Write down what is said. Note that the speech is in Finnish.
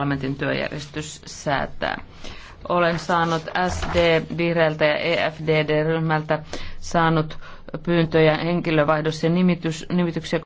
parlamentin työjärjestys säätää. Olen saanut SD, Vihreältä ja EFDD-ryhmältä saanut pyyntöjä henkilövaihdossa ja nimitys, nimityksiä